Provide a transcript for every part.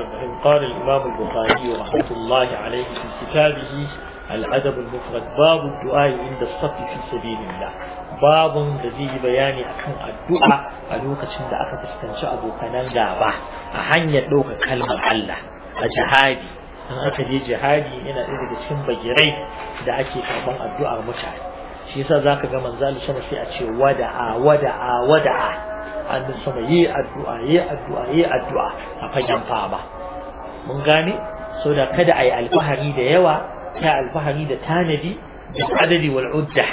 الرحيم قال الإمام البخاري رحمة الله عليه في كتابه الأدب المفرد باب الدعاء عند الصف في سبيل الله باب الذي بيان أكن الدعاء ألوك شند أكا تستنشأ أبو كنان دابا أحن يدوك كلمة الله أجهادي أنا أكدي جهادي إن أريد شن بجري دعاكي كربان الدعاء متعب shi yasa zaka ga manzo Allah sama sai a ce wada'a wada'a wada'a annabi sama yi addu'a yi addu'a yi addu'a a fagen fama mun gane so da kada ayi alfahari da yawa ta alfahari da tanadi da adadi wal udda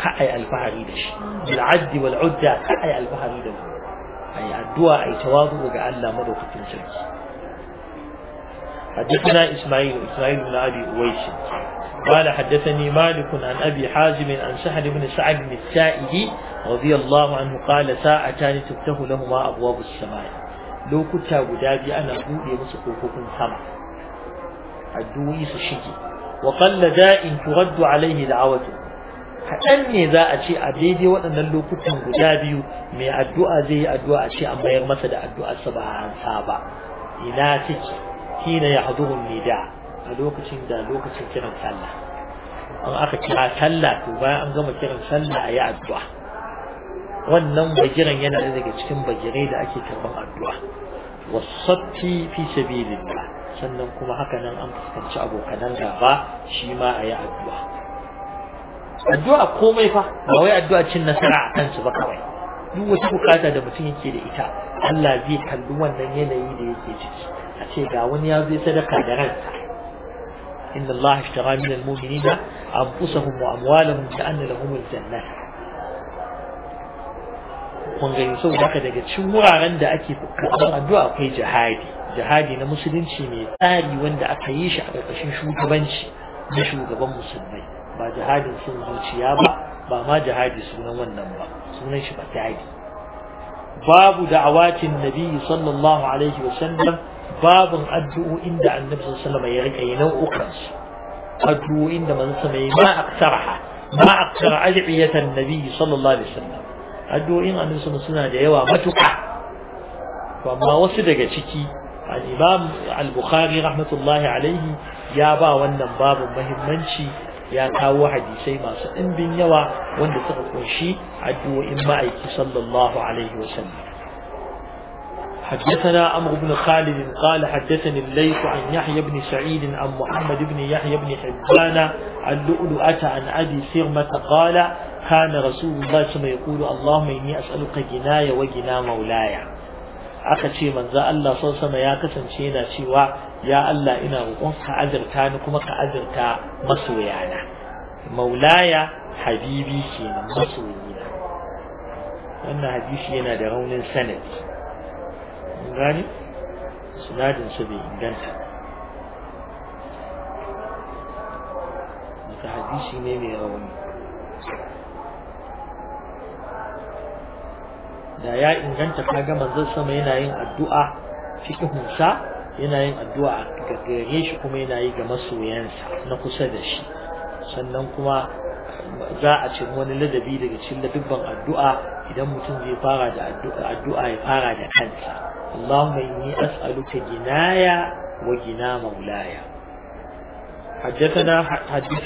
ka ayi alfahari da shi bil addi wal udda ka ayi alfahari da yi addu'a ayi tawadu ga Allah madaukakin sarki حدثنا إسماعيل إسماعيل بن أبي أويس قال حدثني مالك عن أبي حازم عن سهل بن سعد بن السائه رضي الله عنه قال ساعتان تفتح لهما أبواب السماء لو كنت أبدابي أنا أقول يمسكوكم سمع الدويس الشجي وقل داء ترد عليه دعوته kaɗan ne za a ce a daidai waɗannan lokutan guda biyu mai addu'a zai yi addu'a a ce an bayar masa da addu'arsa ba a hansa ba ina take hina yahduhu nida a lokacin da lokacin kiran sallah an aka kira sallah to bayan an gama kiran sallah a yi addu'a wannan bagiran yana da daga cikin bajirai da ake karban addu'a wasatti fi sabilillah sannan kuma haka nan an fuskanci abokanan gaba shi ma ayi addu'a addu'a komai fa ba wai addu'a cin nasara a kansu ba kawai duk wata bukata da mutum yake da ita Allah zai kalli wannan yanayi da yake ciki a ce ga wani ya zai sadaka da ranta. inna Allah ishtara min almu'minina anfusahum wa amwalahum bi anna lahum aljanna kun ga sau da daga cikin wuraren da ake karɓar addu'a akwai jihadi jihadi na musulunci mai tsari wanda aka yi shi a ƙarƙashin shugabanci na shugaban musulmai ba jihadin sun zuciya ba ba ma jihadi sunan wannan ba sunan shi ba jihadi babu da'awatin nabi sallallahu alaihi wa sallam babin addu'o'in da annabi sallallahu alaihi ya rika yi nau'ukan su addu'o'in da manzo sama yi ma aksarha ma aksara addu'iyatan nabi sallallahu alaihi wasallam addu'o'in annabi suna da yawa matuƙa to amma wasu daga ciki al-imam al-bukhari rahmatullahi alaihi ya ba wannan babin muhimmanci ya kawo hadisai masu ɗimbin yawa wanda suka kunshi addu'o'in ma'aiki sallallahu alaihi wasallam حدثنا عمرو بن خالد قال حدثني الليث عن يحيى بن سعيد عن محمد بن يحيى بن حبان عن لؤلؤة أتى عن أبي سرمة قال كان رسول الله صلى الله عليه يقول اللهم إني أسألك جناية وجنا مولاي aka ce manza Allah sau sama ya kasance yana cewa ya Allah ina roƙon ka azurta ni kuma ka azurta masoyana maulaya habibi kenan masoyina wannan hadisi yana da raunin sanadi gani sinadin su bai inganta daga hadisi ne mai rauni da ya inganta ka gama manzon sama yana yin addu'a cikin hunsa yana yin addu'a ga gare shi kuma yana yi ga masoyansa na kusa da shi sannan kuma za a ce wani ladabi daga cikin ladubban addu'a idan mutum zai fara da addu'a ya fara da kansa اللهم إني أسألك جنايا وجنا مولايا حدثنا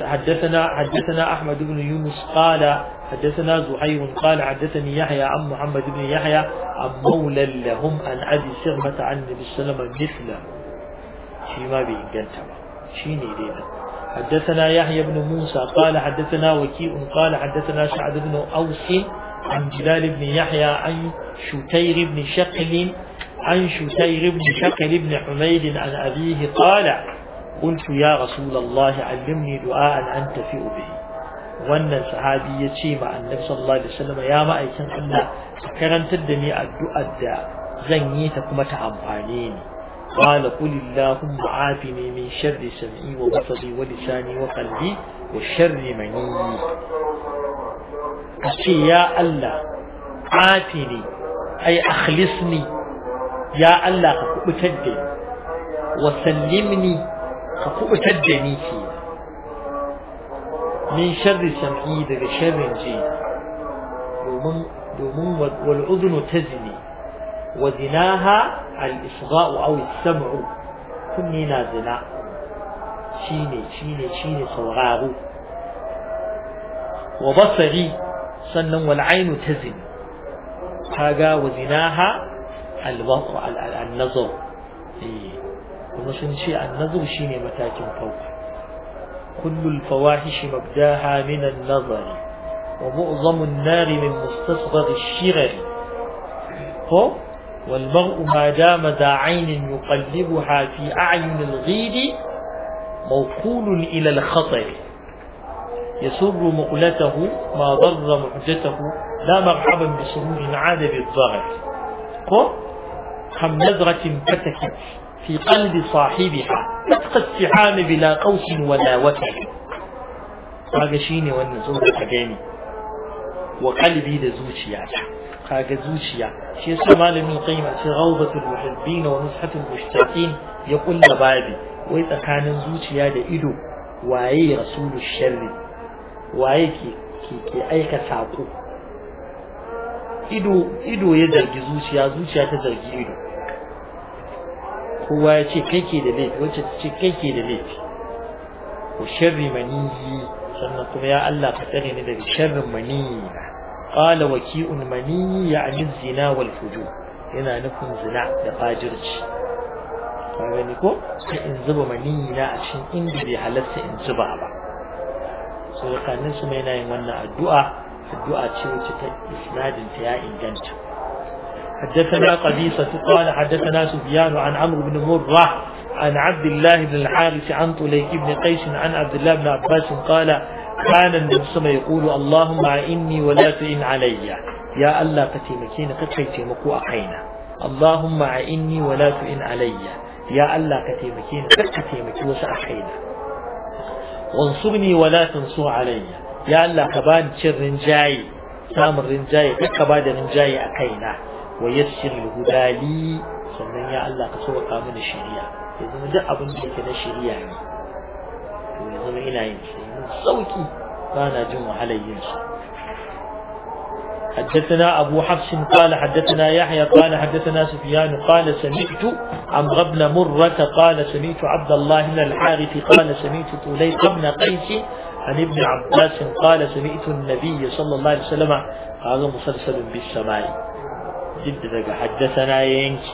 حدثنا حدثنا أحمد بن يونس قال حدثنا زهير قال حدثني يحيى عن محمد بن يحيى عن مولى لهم عن أبي سرمة عن النبي صلى الله عليه وسلم مثله فيما بإنجلتها شيني حدثنا يحيى بن موسى قال حدثنا وكيء قال حدثنا سعد بن أوس عن جلال بن يحيى عن شتير بن شقل عن شتير بن شكل بن حميد عن أبيه قال قلت يا رسول الله علمني دعاء أنتفئ به wannan sahabi ya ce ma annabi sallallahu alaihi ya ma'aikin Allah ka karantar da ni addu'ar da zan yi ta kuma ta amfani ni wala qul allahumma afini min sharri sam'i wa basari wa lisani wa qalbi wa sharri mani ka ce ya Allah afini ai akhlisni يا الله كبتدي وسلمني كبتدي من شر سمحيد لشر جيد دومن دومن والأذن تزني وزناها الإصغاء أو السمع كنينا زنا شيني شيني شيني صغار وبصري سنن والعين تزني هذا وزناها الوضع النظر ونحن إيه. شيء النظر شيء متاج فوق كل الفواحش مبداها من النظر ومعظم النار من مستصغر الشرر هو والمرء ما دام ذا عين يقلبها في أعين الغيد موكول إلى الخطر يسر مقلته ما ضر محجته لا مرحبا بسرور عاد بالضغط هو كم نظرة فتكت في قلب صاحبها نفق السحام بلا قوس ولا وتر قاق شيني وانا زورة قاقيني وقلبي لزوشي قاق زوشي شي سمال من قيمة في غوضة المحبين ونصحة المشتاقين يقول لبعدي وإذا كان زوشي هذا إلو وعي رسول الشر وعي كي كي أيك ساقو ido ido ya zargi zuciya zuciya ta zargi ido kowa ya ce kai ke da laifi wacce ta ce kai ke da laifi wa sharri maniyi sannan kuma ya Allah ka tsare ni daga sharrin maniyi qala waki'un maniyi ya'ni zina wal fujur yana nufin zina da fajirci kan gani ko sai in zuba maniyi na a cikin inda bai halatta in zuba ba so kanin su mai yin wannan addu'a الدعاء تشوتك إسناد انتهاء جنت حدثنا قبيصة قال حدثنا سفيان عن عمرو بن مرة عن عبد الله بن الحارث عن طليق بن قيس عن عبد الله بن عباس قال كان النبي يقول اللهم إني ولا تعن علي يا الله كتيمكين كتيمكو أقينا اللهم إني ولا تعن علي يا الله كتيمكين كتيمكو سأقينا وانصرني ولا تنصر علي يا الله كبان شر رنجاي سام رنجاي كبان رنجاي أكينا ويسر الهدالي سنن يا الله كسوة قامن الشريعة إذا ما جاء كنا شريعة إذا ما إنا ينسي سوكي فانا جمع علي ينسى حدثنا أبو حفص قال حدثنا يحيى قال حدثنا سفيان قال سمعت عم غبن مرة قال سمعت عبد الله بن الحارث قال سمعت طليق بن قيس عن ابن عباس قال سمعت النبي صلى الله عليه وسلم هذا مسلسل بالسماء جد حدثنا ينكي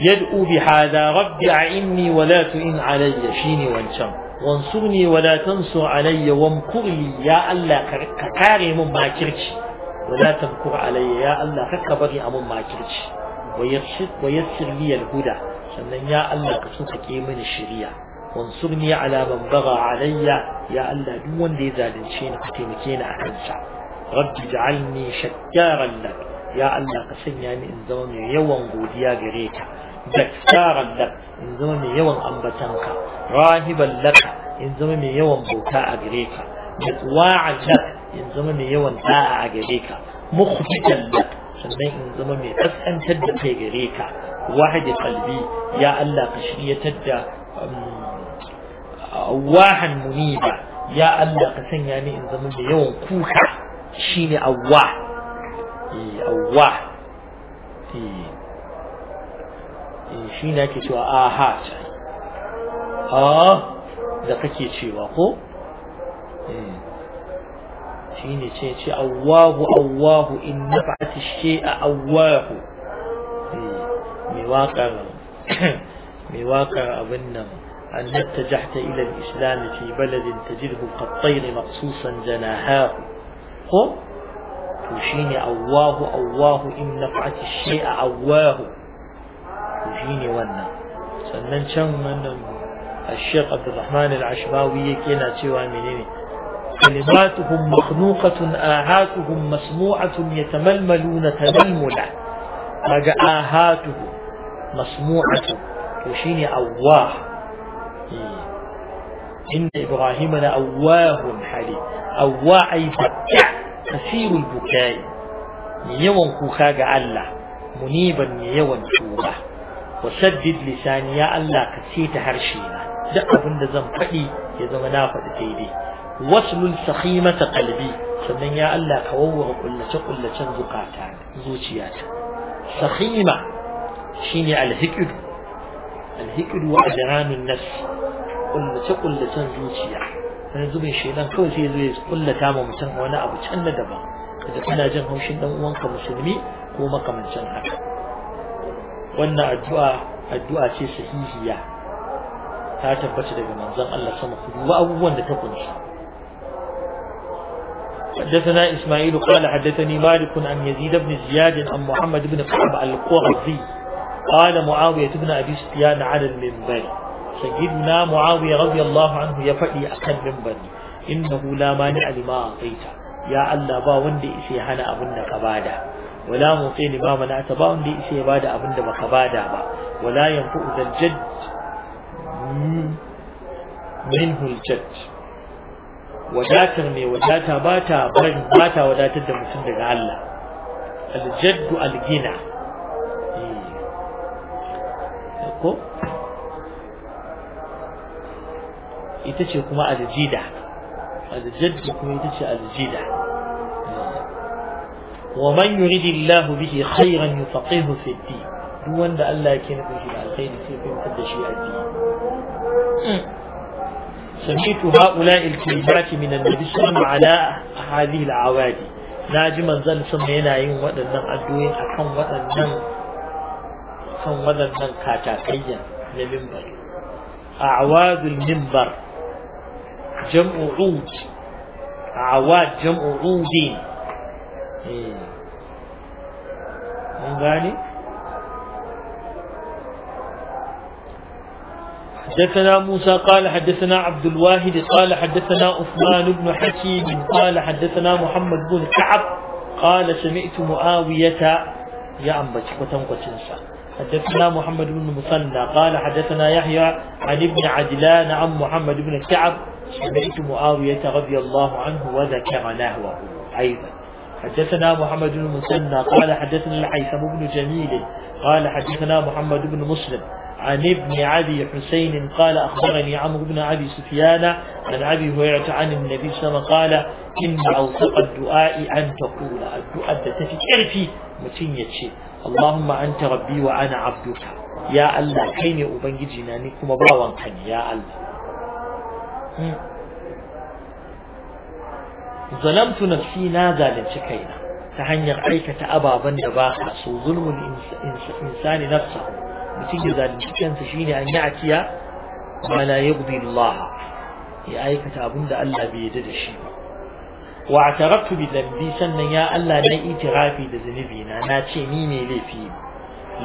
يدعو بهذا ربي أعني ولا تئن علي شيني وانشم وانصرني ولا تنصر علي وامكر لي يا الله كاري من ما كرتش ولا تمكر علي يا الله كبري أم ما كرتش ويسر لي الهدى سنن يا الله كسوك كيمن الشريعه wansurni ala man baga alayya ya Allah duk wanda ya zalunce ni ka taimake ni a kansa rabbi ja'alni shakkaran lak ya Allah ka sanya ni in zama mai yawan godiya gare ka dakkaran lak in zama mai yawan ambatanka rahiban laka in zama mai yawan bauta a gare ka mutwa'an lak in zama mai yawan da'a a gare ka mukhfitan lak sannan in zama mai kaskantar da kai gare ka wahidi kalbi ya Allah ka shiryatar da awahan muniba ya Allah ka sanya ni in zama da yawan kuka shine awwa eh awwa eh, eh shine ake cewa aha ah da kake cewa ko eh. shine ce ce awwahu awwahu in nafa'at shaya awwahu mai waka mai waka abin nan أن اتجهت إلى الإسلام في بلد تجده كالطير مقصوصا جناهاه هو توشيني أواه أواه إن نفعت الشيء أواه توشيني ونا سنن شن من الشيخ عبد الرحمن العشماوي كنا سوى منيني كلماتهم مخنوقة آهاتهم مسموعة يتململون تململا آهاتهم مسموعة توشيني أواه إن إبراهيم لأواه حالي أوا أي فتع كثير البكاء يوم كوخا جعلا منيبا يوان توبة وسدد لساني يا الله كثير هرشينا دقا بند زنفقي يزم نافد تيدي وصل سخيمة قلبي سنن يا الله كووه كل شقل شنزقاتان زوجيات سخيمة شيني الهكر الهكر وأجران النفس kullace-kullacen zuciya wani zubin shaidan kawai sai zai kullata ma mutum wani abu can na daban da kana jin haushin dan uwanka musulmi ko makamancin haka wannan addu'a addu'a ce sahihiya ta tabbata daga manzon Allah sama ku duba abubuwan da ta kunsa حدثنا إسماعيل قال حدثني مالك عن يزيد بن زياد عن محمد بن كعب القرظي قال معاوية بن أبي سفيان على المنبر sayyiduna muawiya radiyallahu anhu ya faɗi akan mimbari innahu la mani alima ataita ya Allah ba wanda yake hana abin da ka bada wala mutini ba mana ta ba wanda yake bada abin da baka bada ba wala yanfu dal jadd minhu al jadd wadatar mai wadata bata wadatar da mutum daga Allah al ko ita ce kuma aljida aljaddu kuma ita ce aljida wa man yuridu yuridillahu bihi khairan yufaqihu fi din duk wanda Allah yake nufin shi alkhairi sai ya fitar da shi a addini سمعت هؤلاء الكلمات من النبي صلى الله عليه وسلم على هذه العوادي ناجي من ظن سمع ينعين ودنن أدوين أكم ودنن أكم ودنن كاتاكيا لمنبر أعواد المنبر جمع عود عواد جمع عودين إيه. من غاني حدثنا موسى قال حدثنا عبد الواحد قال حدثنا عثمان بن حكيم قال حدثنا محمد بن كعب قال سمعت معاوية يا أمبت وتنقشنسا حدثنا محمد بن مثنى قال حدثنا يحيى عن ابن عدلان عن محمد بن كعب سمعت معاوية رضي الله عنه وذكر نهوه أيضا حدثنا محمد بن مسنى قال حدثنا الحيثم بن جميل قال حدثنا محمد بن مسلم عن ابن ابي حسين قال أخبرني عمرو بن أبي سفيان عن أبي هريرة عن النبي صلى الله عليه وسلم قال إن أوثق الدعاء أن تقول الدعاء تفي كرفي متين يتشي اللهم أنت ربي وأنا عبدك يا الله كيني أبنجي جناني كما باوان يا الله zalamtu nafsi na zalunci kaina ta hanyar aikata ababen da ba a so zulmun insani nafsa mutum ya zalunci kansa shine an yi atiya ma la yaqdi Allah ya aikata abin da Allah bai yarda da shi ba wa ataraftu bi dhanbi sannan ya Allah na itirafi da zunubi na na ce ni ne laifi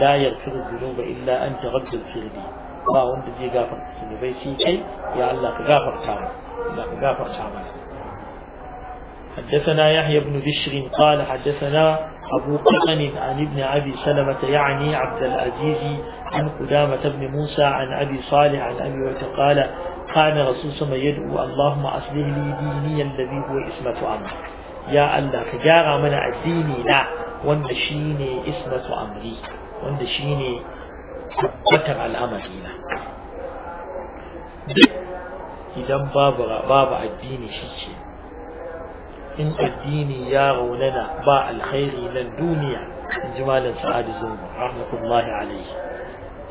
la yaghfiru dhunuba illa anta ghaffur firdi ba wanda zai gafarta zunubai sai kai ya Allah ka gafarta mu Allah ka gafarta mana حدثنا يحيى بن بشر قال حدثنا أبو قرن عن ابن أبي سلمة يعني عبد العزيز عن قدامة بن موسى عن أبي صالح عن أبي قال كان رسول صلى يدعو اللهم أصلح لي ديني الذي هو اسمة أمري يا الله كجارة من أديني لا وان شيني اسمة أمري وان شيني tabbatar al'amari na idan babu babu addini shi ke in addini ya raunana ba alkhairi nan duniya in ji malam sa'adu zungu rahmatullahi alaihi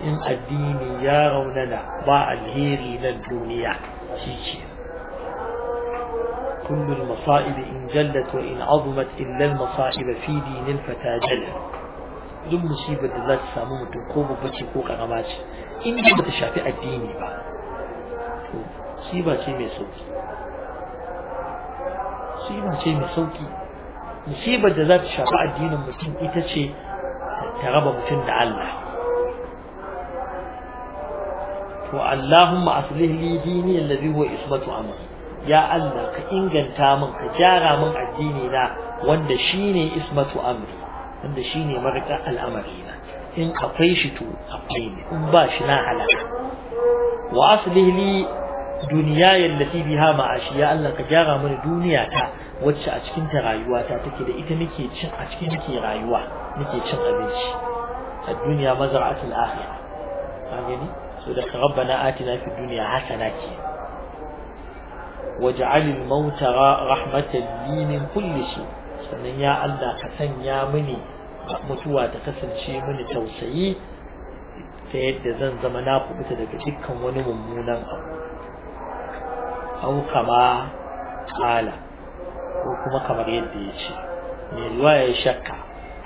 in addini ya raunana ba alheri nan duniya shi ke كل المصائب إن جلت وإن عظمت إلا المصائب في دين الفتى جلت duk musibar da za ta samu mutum ko babba ce ko karama ce in ba ta shafi addini ba to musiba ce mai sauki musiba ce mai sauki musibar da za ta shafi addinin mutum ita ce ta raba mutum da Allah to Allahumma aslih li dini alladhi huwa ismatu amri ya Allah ka inganta min ka gyara min addini na wanda shine ismatu amri wanda shine marika al'amari na in akwai shi to akwai ne in ba shi na halaka wa aslih duniya duniyaya allati biha ma'ashi ya Allah ka gyara mana duniya ta wacce a cikin ta rayuwa ta take da ita nake cin a cikin nake rayuwa nake cin abinci ad-dunya mazra'atul akhirah ka gani so da rabbana atina fid dunya hasana ke waj'al mauta rahmatan li min kulli shay' sannan ya Allah ka sanya mini mutuwa ta kasance mini tausayi ta yadda zan zama na kubuta daga dukkan wani mummunan abu au kama kala ko kuma kamar yadda ya ce mai ruwa ya shakka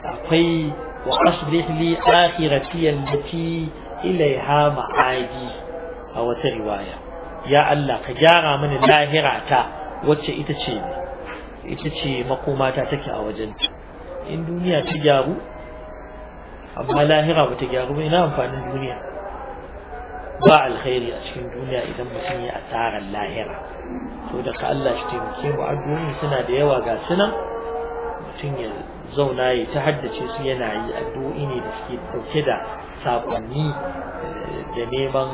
akwai wa aslih li akhirati allati ilaiha ma'adi a wata riwaya ya Allah ka gyara mini lahirata wacce ita ce ne. ita ce makomata take a wajen in duniya ta gyaru amma lahira ba ta gyaru ba ina amfanin duniya ba alkhairi a cikin duniya idan mutum ya asarar lahira to daga Allah shi taimake mu addu'o'i suna da yawa ga sinan, mutum ya zauna ya ta haddace su yana yi addu'o'i ne da suke dauke da sakonni da neman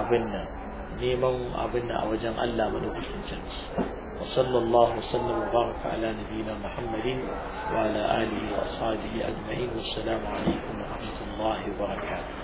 abin nan neman abin nan a wajen Allah madaukakin sarki وصلى الله وسلم وبارك على نبينا محمد وعلى آله وأصحابه أجمعين والسلام عليكم ورحمة الله وبركاته